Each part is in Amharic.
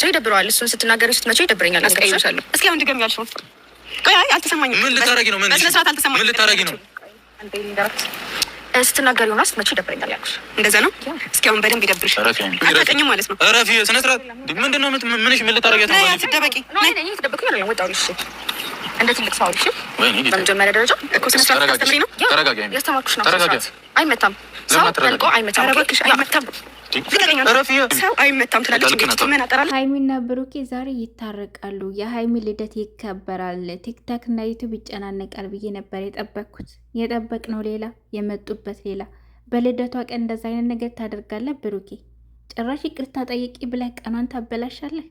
ሰው ይደብረዋል። እሱን ስትናገር ስትመቸው ይደብረኛል። አስቀይሻለሁ። እስኪ አሁን ድገሚ ያልሽውን። አይ አልተሰማኝም። ምን ልታረጊ ነው? በስነ ስርዓት አልተሰማኝም። ምን ልታረጊ ነው? ስትናገር ሆና ስትመቸው ይደብረኛል ያልኩሽ እንደዛ ነው። እስኪ አሁን በደንብ ይደብርሽ። አታውቅኝም ማለት ነው። እረፊ። ስነ ስርዓት ምንድን ነው? ምንሽ ምን ልታረጊያት ነው? አትደበቂ። ተደበቂ ነው። ወጣሁ ልሽ እንደ ትልቅ ሰው ልሽ በመጀመሪያ ደረጃ እኮ ስነ ስርዓት ታስተምሪ ነው። ያስተማርኩሽ ነው። አይመታም ሀይሚና ብሩኬ ዛሬ ይታረቃሉ። የሀይሚ ልደት ይከበራል። ቲክታክ እና ዩቱብ ይጨናነቃል ብዬ ነበር የጠበቅኩት። የጠበቅነው ሌላ፣ የመጡበት ሌላ። በልደቷ ቀን እንደዛ አይነት ነገር ታደርጋለ ብሩኬ ጭራሽ ይቅርታ ጠይቂ ብለህ ቀኗን ታበላሻለህ።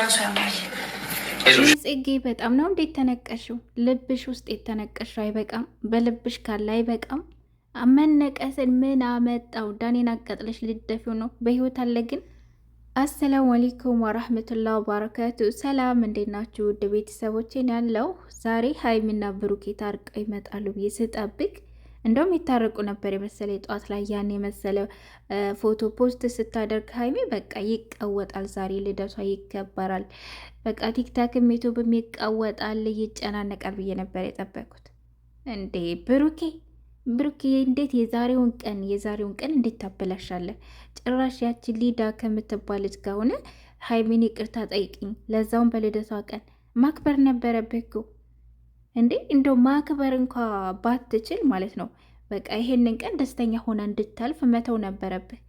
ራሱ ጽጌ በጣም ነው እንዴት ተነቀሽው? ልብሽ ውስጥ የተነቀሽው አይበቃም። በልብሽ ካለ አይበቃም። መነቀስን ምን አመጣው? ዳኔን አቃጥለሽ ልደፊው ነው። በህይወት አለ ግን አሰላሙ አለይኩም ወራህመቱላ ወበረካቱ። ሰላም እንዴት ናችሁ ውድ ቤተሰቦቼን? ያለው ዛሬ ሀይሚና ብሩኬ ታርቀው ይመጣሉ ብዬ ስጠብቅ እንደውም ይታረቁ ነበር የመሰለ ጠዋት ላይ ያን የመሰለ ፎቶ ፖስት ስታደርግ ሀይሚ በቃ ይቀወጣል። ዛሬ ልደቷ ይከበራል። በቃ ቲክታክም ዩቱብም ይቀወጣል፣ ይጨናነቃል ብዬ ነበር የጠበቁት። እንዴ ብሩኬ ብሩኬ እንዴት የዛሬውን ቀን የዛሬውን ቀን እንዴት ታበላሻለህ? ጭራሽ ያቺ ሊዳ ከምትባለች ከሆነ ሀይሚን ይቅርታ ጠይቅኝ፣ ለዛውም በልደቷ ቀን ማክበር ነበረብህ እኮ እንዴ እንደው ማክበር እንኳ ባትችል ማለት ነው በቃ ይሄንን ቀን ደስተኛ ሆና እንድታልፍ መተው ነበረብህ።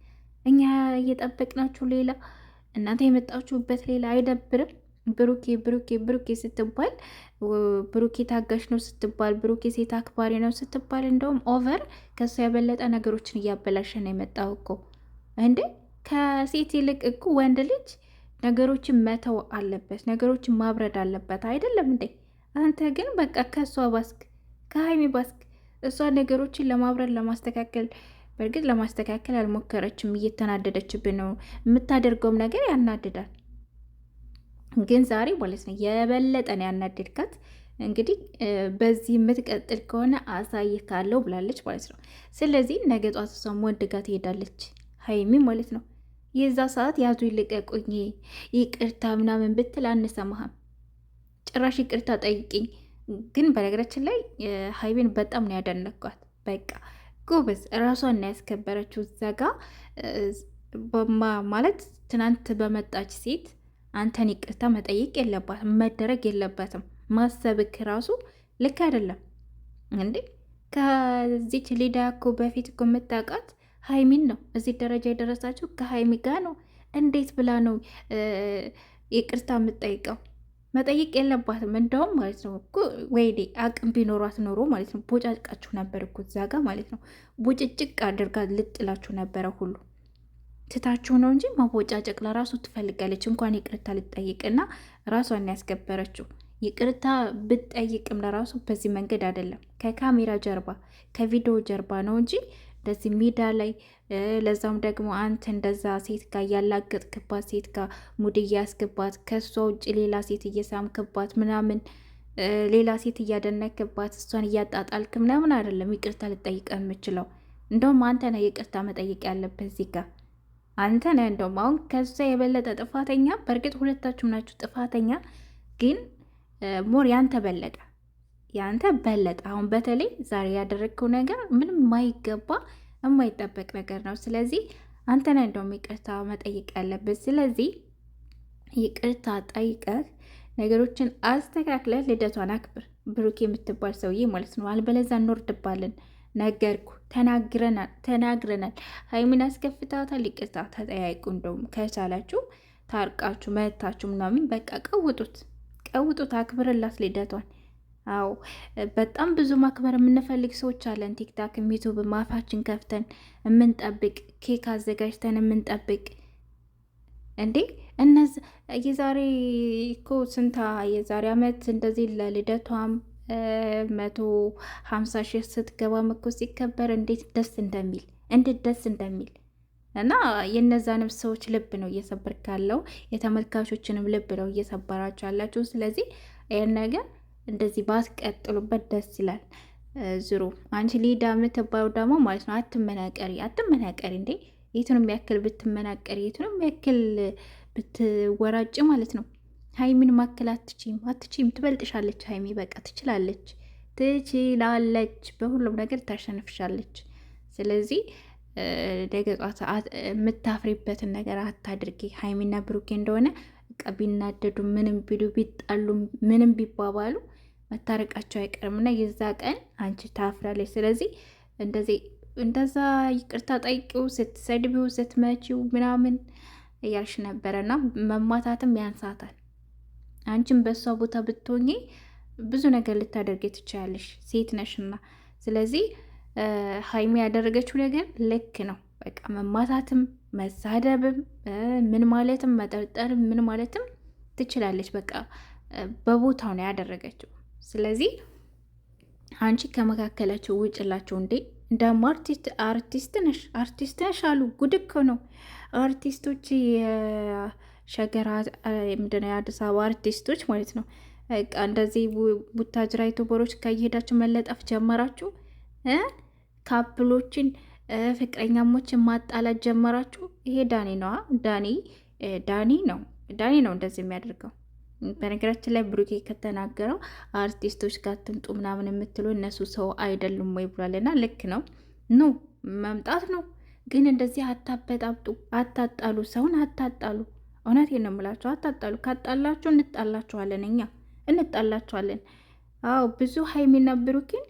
እኛ እየጠበቅናችሁ ሌላ፣ እናንተ የመጣችሁበት ሌላ። አይደብርም? ብሩኬ ብሩኬ ብሩኬ ስትባል ብሩኬ ታጋሽ ነው ስትባል ብሩኬ ሴት አክባሪ ነው ስትባል እንደውም ኦቨር ከሱ ያበለጠ ነገሮችን እያበላሸ ነው የመጣው እኮ እንዴ። ከሴት ይልቅ እኮ ወንድ ልጅ ነገሮችን መተው አለበት፣ ነገሮችን ማብረድ አለበት። አይደለም እንዴ? አንተ ግን በቃ ከእሷ ባስክ፣ ከሀይሚ ባስክ። እሷ ነገሮችን ለማብረር ለማስተካከል በእርግጥ ለማስተካከል አልሞከረችም። እየተናደደችብን ነው። የምታደርገውም ነገር ያናድዳል። ግን ዛሬ ማለት ነው የበለጠን ያናደድካት። እንግዲህ በዚህ የምትቀጥል ከሆነ አሳይህ ካለው ብላለች ማለት ነው። ስለዚህ ነገ ጧት እሷም ወንድ ጋር ትሄዳለች ሀይሚ ማለት ነው። የዛ ሰዓት ያዙ ይልቀቁኝ፣ ይቅርታ ምናምን ብትል አንሰማህም። ጭራሽ ይቅርታ ጠይቅኝ። ግን በነገራችን ላይ ሀይቤን በጣም ነው ያደነኳት። በቃ ጎበዝ እራሷን ነው ያስከበረችው። ዘጋ ማለት ትናንት በመጣች ሴት አንተን ይቅርታ መጠየቅ የለባትም መደረግ የለባትም። ማሰብክ ራሱ ልክ አይደለም እንዴ። ከዚች ሊዳ እኮ በፊት እኮ የምታውቃት ሀይሚን ነው። እዚህ ደረጃ የደረሳችው ከሀይሚ ጋር ነው። እንዴት ብላ ነው ይቅርታ የምጠይቀው? መጠየቅ የለባትም። እንደውም ማለት ነው እኮ ወይዴ አቅም ቢኖሯት ኖሮ ማለት ነው ቦጫጭቃችሁ ነበር እኮ እዛ ጋ ማለት ነው ቦጭጭቅ አድርጋ ልጥላችሁ ነበረ ሁሉ ትታችሁ ነው እንጂ መቦጫጨቅ ለራሱ ትፈልጋለች። እንኳን ይቅርታ ልጠይቅና ራሷን ያስገበረችው ይቅርታ ብትጠይቅም ለራሱ በዚህ መንገድ አይደለም፣ ከካሜራ ጀርባ ከቪዲዮ ጀርባ ነው እንጂ እንደዚህ ሜዳ ላይ ለዛም ደግሞ አንተ እንደዛ ሴት ጋር ያላገጥክባት ሴት ጋር ሙድ እያስክባት ከእሷ ውጭ ሌላ ሴት እየሳምክባት ምናምን ሌላ ሴት እያደነክባት እሷን እያጣጣልክ ምናምን አይደለም ይቅርታ ልጠይቀ የምችለው እንደውም አንተ ነህ ይቅርታ መጠየቅ ያለብህ እዚህ ጋር አንተ ነህ እንደውም አሁን ከዛ የበለጠ ጥፋተኛ በእርግጥ ሁለታችሁም ናችሁ ጥፋተኛ ግን ሞር ያንተ በለጠ ያንተ በለጠ። አሁን በተለይ ዛሬ ያደረግከው ነገር ምንም የማይገባ የማይጠበቅ ነገር ነው። ስለዚህ አንተና እንደውም ይቅርታ መጠየቅ ያለበት ስለዚህ ይቅርታ ጠይቀህ ነገሮችን አስተካክለህ ልደቷን አክብር፣ ብሩክ የምትባል ሰውዬ ማለት ነው። አልበለዛ እንወርድባለን። ነገርኩ፣ ተናግረናል ተናግረናል። ሀይሚን አስከፍታታል። ይቅርታ ተጠያይቁ። እንደውም ከቻላችሁ ታርቃችሁ መታችሁ ምናምን በቃ ቀውጡት፣ ቀውጡት፣ አክብርላት ልደቷን አዎ በጣም ብዙ ማክበር የምንፈልግ ሰዎች አለን። ቲክታክ ዩቱብ ማፋችን ከፍተን የምንጠብቅ ኬክ አዘጋጅተን የምንጠብቅ እንዴ እነዚ የዛሬ እኮ ስንታ የዛሬ አመት እንደዚህ ለልደቷም መቶ ሀምሳ ሺህ ስትገባም እኮ ሲከበር እንዴት ደስ እንደሚል እንዴት ደስ እንደሚል እና የነዛንም ሰዎች ልብ ነው እየሰበርክ ያለው የተመልካቾችንም ልብ ነው እየሰበራችሁ ያላችሁ። ስለዚህ ይህን ነገር እንደዚህ ባትቀጥሉበት ደስ ይላል። ዝሩ አንቺ ሊዳ የምትባለው ደግሞ ማለት ነው አትመናቀሪ፣ አትመናቀሪ እንዴ! የቱንም ያክል ብትመናቀሪ፣ የቱንም ያክል ብትወራጭ ማለት ነው ሀይሚን ማክል አትችም፣ አትችም። ትበልጥሻለች ሀይሚ በቃ ትችላለች፣ ትችላለች። በሁሉም ነገር ታሸንፍሻለች። ስለዚህ ደገጧት የምታፍሪበትን ነገር አታድርጊ። ሀይሚና ብሩኬ እንደሆነ ቢናደዱ ምንም ቢሉ ቢጣሉ ምንም ቢባባሉ መታረቃቸው አይቀርም እና የዛ ቀን አንቺ ታፍራለች። ስለዚህ እንደዚህ እንደዛ ይቅርታ ጠይቂው ስትሰድቢው ስትመቺው ምናምን እያልሽ ነበረ እና መማታትም ያንሳታል። አንቺም በእሷ ቦታ ብትሆኚ ብዙ ነገር ልታደርግ ትችላለሽ፣ ሴት ነሽና። ስለዚህ ሀይሚ ያደረገችው ነገር ልክ ነው። በቃ መማታትም፣ መሳደብም፣ ምን ማለትም፣ መጠርጠርም ምን ማለትም ትችላለች። በቃ በቦታው ነው ያደረገችው። ስለዚህ አንቺ ከመካከላቸው ውጭላቸው እንዴ እንዳውም አርቲስት አርቲስት ነሽ አርቲስት ነሽ አሉ። ጉድ እኮ ነው። አርቲስቶች የሸገራ ምንድን የአዲስ አበባ አርቲስቶች ማለት ነው። በቃ እንደዚህ ቡታጅራ ዩቱበሮች ከየሄዳችሁ መለጠፍ ጀመራችሁ። ካፕሎችን ፍቅረኛሞችን ማጣላት ጀመራችሁ። ይሄ ዳኒ ነዋ። ዳኒ ዳኒ ነው ዳኒ ነው እንደዚህ የሚያደርገው በነገራችን ላይ ብሩኬ ከተናገረው አርቲስቶች ጋር ትምጡ ምናምን የምትሉ እነሱ ሰው አይደሉም ወይ ብሏልና ልክ ነው። ኑ መምጣት ነው፣ ግን እንደዚህ አታበጣብጡ፣ አታጣሉ፣ ሰውን አታጣሉ። እውነቴን ነው የምላቸው አታጣሉ። ካጣላችሁ እንጣላችኋለን፣ እኛ እንጣላችኋለን። አዎ ብዙ ሀይሚና ብሩኬን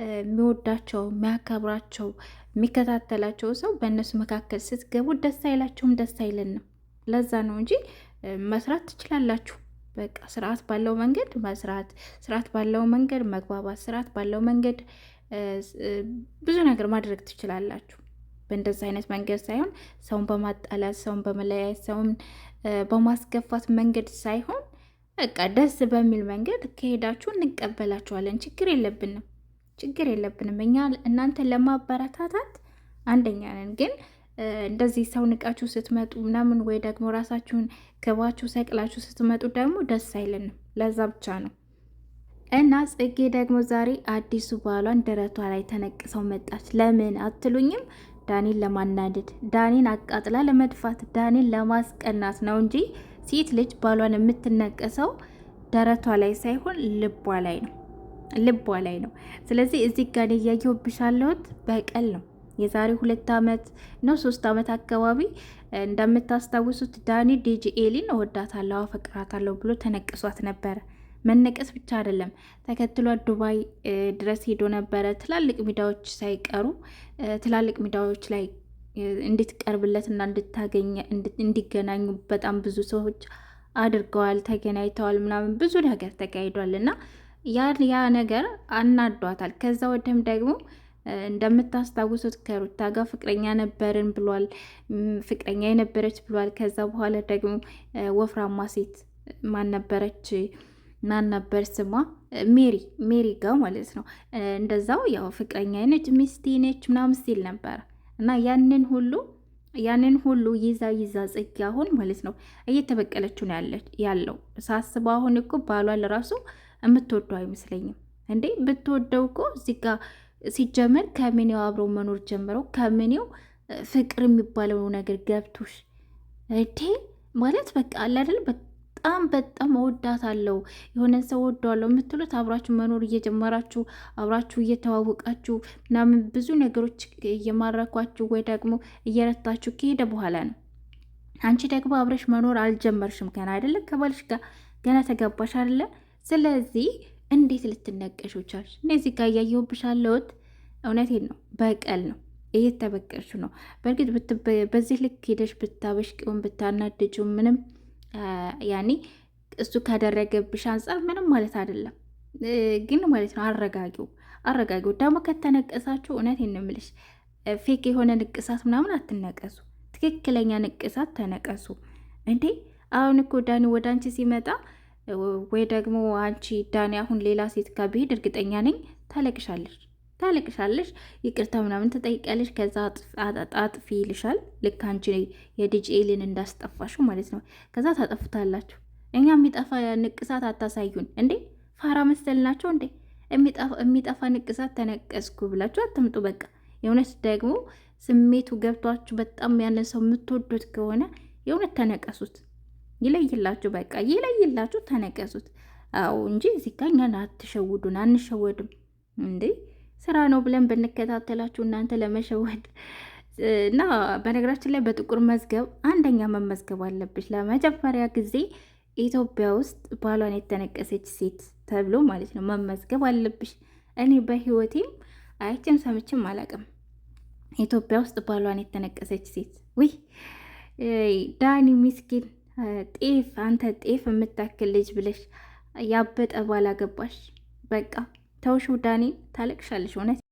የሚወዳቸው የሚያከብራቸው የሚከታተላቸው ሰው በእነሱ መካከል ስትገቡ ደስ አይላቸውም ደስ አይለንም። ለዛ ነው እንጂ መስራት ትችላላችሁ። በቃ ስርዓት ባለው መንገድ መስራት፣ ስርዓት ባለው መንገድ መግባባት፣ ስርዓት ባለው መንገድ ብዙ ነገር ማድረግ ትችላላችሁ። በእንደዚህ አይነት መንገድ ሳይሆን ሰውን በማጣላት ሰውን በመለያየት ሰውን በማስገፋት መንገድ ሳይሆን በቃ ደስ በሚል መንገድ ከሄዳችሁ እንቀበላችኋለን። ችግር የለብንም፣ ችግር የለብንም። እኛ እናንተን ለማበረታታት አንደኛ ነን ግን እንደዚህ ሰው ንቃችሁ ስትመጡ ምናምን ወይ ደግሞ ራሳችሁን ክባችሁ ሰቅላችሁ ስትመጡ ደግሞ ደስ አይለንም። ለዛ ብቻ ነው እና ጽጌ ደግሞ ዛሬ አዲሱ ባሏን ደረቷ ላይ ተነቅሰው መጣች። ለምን አትሉኝም? ዳኒን ለማናደድ፣ ዳኒን አቃጥላ ለመድፋት፣ ዳኒን ለማስቀናት ነው እንጂ ሴት ልጅ ባሏን የምትነቀሰው ደረቷ ላይ ሳይሆን ልቧ ላይ ነው ልቧ ላይ ነው። ስለዚህ እዚህ ጋር እያየሁብሻለሁት በቀል ነው የዛሬ ሁለት ዓመት ነው ሶስት ዓመት አካባቢ እንደምታስታውሱት ዳኒ ዲጂ ኤሊን እወዳታለሁ አፈቅራታለሁ ብሎ ተነቅሷት ነበረ። መነቀስ ብቻ አይደለም፣ ተከትሎ ዱባይ ድረስ ሄዶ ነበረ። ትላልቅ ሚዲያዎች ሳይቀሩ ትላልቅ ሚዲያዎች ላይ እንድትቀርብለት እና እንድታገኘ እንዲገናኙ በጣም ብዙ ሰዎች አድርገዋል፣ ተገናኝተዋል፣ ምናምን ብዙ ነገር ተካሂዷል እና ያ ያ ነገር አናዷታል። ከዛ ወደም ደግሞ እንደምታስታውሱት ከሩታ ጋር ፍቅረኛ ነበርን ብሏል። ፍቅረኛ የነበረች ብሏል። ከዛ በኋላ ደግሞ ወፍራማ ሴት ማን ነበረች? ማን ነበር ስሟ? ሜሪ ሜሪ ጋር ማለት ነው። እንደዛው ያው ፍቅረኛ ነች፣ ሚስቴ ነች ምናምን ሲል ነበር እና ያንን ሁሉ ያንን ሁሉ ይዛ ይዛ ጽጌ አሁን ማለት ነው እየተበቀለችው ነው ያለው። ሳስበው አሁን እኮ ባሏል ራሱ የምትወደው አይመስለኝም እንዴ! ብትወደው እኮ እዚህ ጋር ሲጀመር ከምኔው አብረው መኖር ጀምረው ከምኔው ፍቅር የሚባለው ነገር ገብቶሽ እዴ ማለት በቃ አለ አይደል በጣም በጣም መወዳት አለው የሆነ ሰው ወደዋለው የምትሉት አብራችሁ መኖር እየጀመራችሁ አብራችሁ እየተዋወቃችሁ ምናምን ብዙ ነገሮች እየማረኳችሁ ወይ ደግሞ እየረታችሁ ከሄደ በኋላ ነው። አንቺ ደግሞ አብረሽ መኖር አልጀመርሽም ገና አይደለም ከባልሽ ጋር ገና ተገባሽ አይደለም። ስለዚህ እንዴት ልትነቀሹ እነዚህ ጋር እያየሁብሽ አለሁት። እውነቴን ነው፣ በቀል ነው እየተበቀልሽ ነው። በእርግጥ በዚህ ልክ ሄደሽ ብታበሽቂውን ብታናድጁ ምንም ያኔ እሱ ካደረገብሽ አንጻር ምንም ማለት አይደለም፣ ግን ማለት ነው አረጋጊው አረጋጊው ደግሞ ከተነቀሳችሁ፣ እውነቴን ነው የምልሽ ፌክ የሆነ ንቅሳት ምናምን አትነቀሱ። ትክክለኛ ንቅሳት ተነቀሱ። እንዴ አሁን እኮ ዳኒ ወደ አንቺ ሲመጣ ወይ ደግሞ አንቺ ዳኒ አሁን ሌላ ሴት ጋር ቢሄድ እርግጠኛ ነኝ ታለቅሻለሽ ታለቅሻለሽ ይቅርታ ምናምን ትጠይቂያለሽ። ከዛ አጣጥፊ ይልሻል። ልክ አንቺ ኤልን እንዳስጠፋሽው ማለት ነው። ከዛ ታጠፉታላችሁ። እኛ የሚጠፋ ንቅሳት አታሳዩን እንዴ! ፋራ መሰል ናቸው እንዴ! የሚጠፋ ንቅሳት ተነቀስኩ ብላችሁ አትምጡ። በቃ የእውነት ደግሞ ስሜቱ ገብቷችሁ በጣም ያንን ሰው የምትወዱት ከሆነ የእውነት ተነቀሱት። ይለይላችሁ፣ በቃ ይለይላችሁ፣ ተነቀሱት። አዎ እንጂ እዚህ ጋ እኛን አትሸውዱን፣ አንሸወድም እንዴ ስራ ነው ብለን ብንከታተላችሁ እናንተ ለመሸወድ እና በነገራችን ላይ በጥቁር መዝገብ አንደኛ መመዝገብ አለብሽ። ለመጀመሪያ ጊዜ ኢትዮጵያ ውስጥ ባሏን የተነቀሰች ሴት ተብሎ ማለት ነው መመዝገብ አለብሽ። እኔ በህይወቴም አይቼም ሰምቼም አላቅም ኢትዮጵያ ውስጥ ባሏን የተነቀሰች ሴት። ውይ ዳኒ ሚስኪን ጤፍ አንተ ጤፍ የምታክል ልጅ ብለሽ ያበጠ ባላገባሽ በቃ ተውሽ። ዳኔ ታለቅሻለሽ እውነት